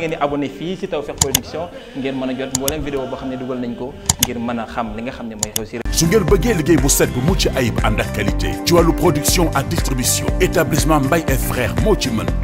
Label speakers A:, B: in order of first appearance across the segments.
A: ngeen di abonné fii ci Tawfekh Production ngeen mën a jot mboolem vidéo boo xam ne dugal nañ ko ngir mën a xam
B: li nga xam ne mooy si ci su ngeen bëggee liggéey bu set bu mucc ay ànd ak qualité ci wàllu production ak distribution établissement Mbaye et frères moo ci mën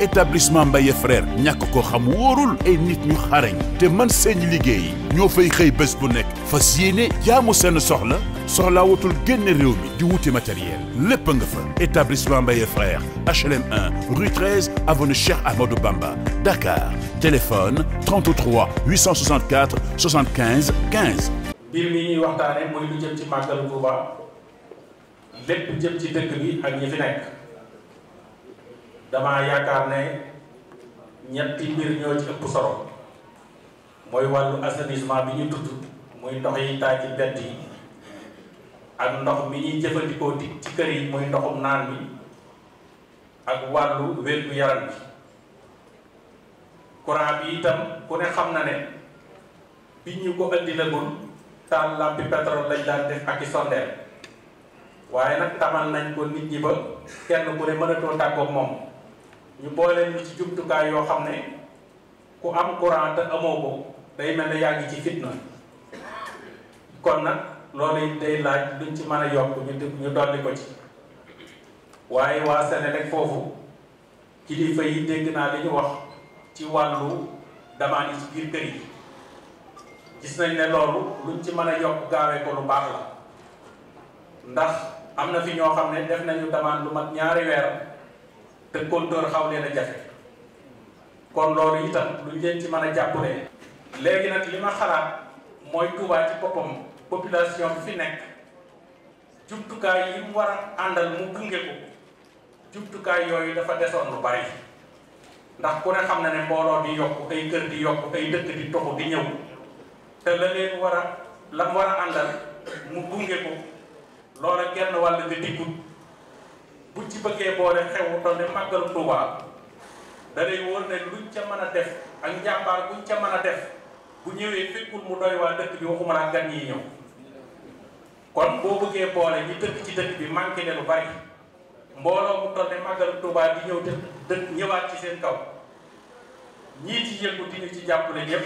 B: établissement Mbaye frère ñàkk ko xam wóorul ay nit ñu xarañ te man seen liggéey ñoo fay xëy bés bu nekk fas yéene jaamu seen soxla soxlaa wutul génne réew mi di wuti matériel lépp nga fa établissement Mbaye frère HLM 1 rue 13 avenue Cheikh Amadou Bamba Dakar téléphone 33 864 75 15.
A: mbir mi ñuy waxtaane mooy lu jëm ci màggal Tuuba lépp jëm ci dëkk bi ak ñi fi nekk. damaa yaakaar ne ñetti mbir ñoo ci ëpp solo mooy wàllu assainissement bi ñu tudd muy ndox yi taa ci bett yi ak ndox mi ñuy jëfandikoo di ci kër yi muy ndoxum naan bi ak wàllu wér-gu-yaram bi courant bi itam ku ne xam na ne bi ñu ko andi lagul taal làmpi pétrole lañ daan def ak i sondeel waaye nag tamal nañ ko nit ñi ba kenn ku ne mënatoo tàggoog moom ñu boole ñu ci jumtukaay yoo xam ne ku am courant te amoo ko day mel ne yàgg ci fitna kon nag loolu it day laaj luñ ci mën a yokk ñu ñu dolli ko ci waaye waa Senelec foofu kilifa yi dégg naa li ñu wax ci wàllu demande yi ci biir kër yi gis nañ ne loolu luñ ci mën a yokk gaawee ko lu baax la ndax am na fi ñoo xam ne def nañu demande lu mat ñaari weera te compteur xaw leen a jafe kon loolu itam lu ngeen ci man a jàppalee. léegi nag li ma xalaat mooy Touba ci boppam population bi fi nekk jumtukaay yi mu war a àndal mu gunge ko jumtukaay yooyu dafa desoon lu bari ndax ku ne xam na ne mbooloo di yokk ay kër di yokk ay dëkk di toxu di ñëw te la leen war a la mu war a àndal mu gunge ko loola genn wàll nga diggut bu ci bëggee boole xewu toll ne màggalu Tuubaa danay wóor ne luñ ca mën a def ak njàmbaar buñ ca man a def bu ñëwee fekkul mu doy waa dëkk bi waxuma laa gan yi ñëw kon boo bëggee boole ñu dëkk ci dëkk bi manqué ne lu bari mbooloo mu toll ne màggalu Tuubaa di ñëw te dëkk ñëwaat ci seen kaw ñii ci yëngu di ñu ci jàppale ñëpp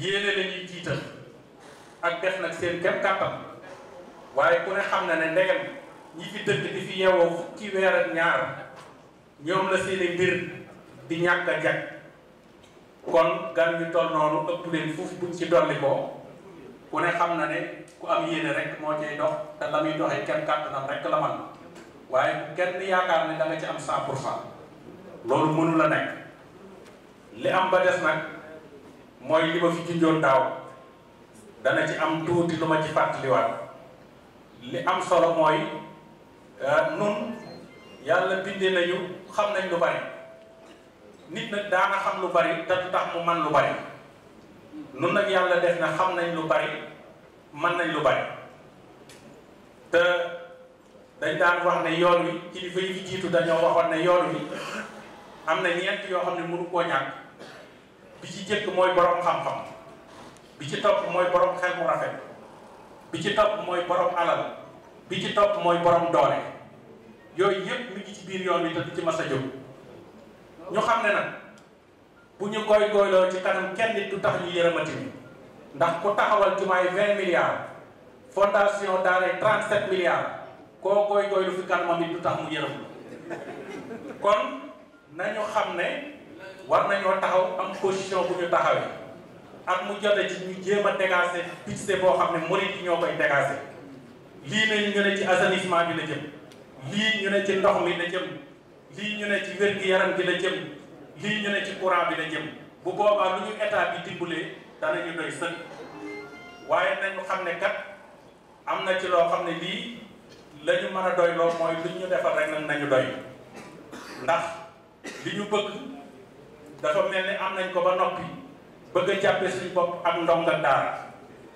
A: yéene la ñuy jiital ak def nag seen kem kàttan waaye ku ne xam na ne ndegem ñi fi tëdd di fi yeewoo fukki weer ñaar ñoom la seeni mbir bi ñàkk a jag kon gan ñu toll noonu ëpp leen foofu buñ ci dolli ko ku ne xam na ne ku am yéene rek moo cay dox te la muy doxee kenn na rek la man waaye kenn yaakaar ne da nga ci am 100 pour cent loolu mënu nekk li am ba des nag mooy li ma fi junjoon daaw dana ci am tuuti lu ma ci fàttaliwaat li am solo mooy. Euh, nun yàlla bindee nañu xam nañ lu bari nit nag daana xam lu bari te du tax mu man lu bari nun nag yàlla def na xam nañ lu bari man nañ lu bare te dañ daan wax ne yoon wi kilifa yi fi jiitu dañoo waxoon ne yoon wi am na ñeent yoo xam ne mënu koo ñàkk bi ci jëkk mooy boroom xam-xam bi ci topp mooy borom xel mu rafet bi ci topp mooy borom alal bi ci topp mooy borom doole yooyu yépp mi ngi ci biir yoon wi te du ci mas a jóg ñu xam ne nag bu ñu goy goyloo ci kanam kenn nit du tax ñu yërëmati bi ndax ku taxawal jumaay 20 milliards fondation daara 37 milliards koo goy goylu fi kanamam it du tax mu yërëm kon nañu xam ne war nañoo taxaw am position bu ñu taxawee ak mu jote ci ñu jéem a dégager budget boo xam ne murid yi ñoo koy dégager lii nañ ñu ne ci assainissement bi la jëm lii ñu ne ci ndox mi la jëm lii ñu ne ci wér-gi-yaram bi la jëm lii ñu ne ci courant bi la jëm bu boobaa lu ñu état bi dimbalee danañu doy sën waaye nañu xam ne kat am na ci loo xam ne lii la ñu mën a doy loo mooy lu ñu defal rek nañu doy ndax li ñu bëgg dafa mel ni am nañ ko ba noppi bëgg a jàppe suñu bopp ak ndonga daara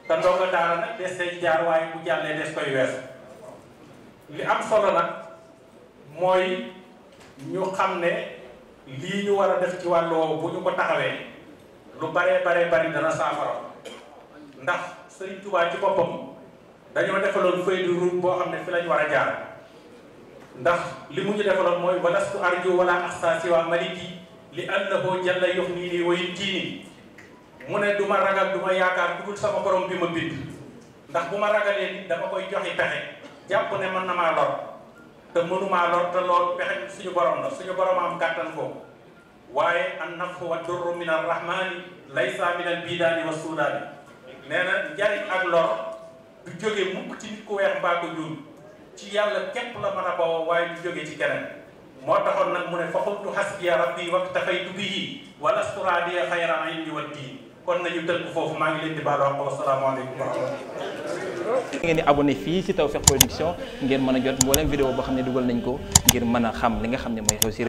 A: te ndongo daara nag des tay jaar waaye bu jàllee des koy weesu li am solo nag mooy ñu xam ne lii ñu war a def ci wàllu woowu bu ñu ko taxawee lu baree baree bari dana saafara ndax Sëriñ Tuubaa ci boppam dañoo defaloon feuille de route boo xam ne fi lañu war a jaar ndax li mu ñu defaloon mooy walastu arju wala axsa siwa maliki li annahu jalla yuxnini wa yutini mu ne du ma ragal du ma yaakaar ku dul sama borom bi ma bind ndax bu ma ragalee nit dama koy joxe pexe jàpp ne mën na maa lor te mënumaa lor te lool pexe suñu borom la suñu borom am kàttan foofu waaye an nafxu wa durru min arrahmani laysa min al bidaani wa suudaani nee na njariñ ak lor du jóge mukk ci nit ku weex mbaa ko ñuul ci yàlla képp la mën a bawoo waaye du jóge ci keneen moo taxoon nag mu ne fa xultu xasbiya rabbi waqtafaytu bihi wa lastu raadiya xayran kon nañu tënk foofu maa ngi leen di baal wax ko a wa rahmatulah. ngeen di abonné fii ci Tawfekh Production ngeen mën a jot mboolem vidéo boo xam ne dugal nañ ko ngir mën a xam li nga xam ne mooy xew si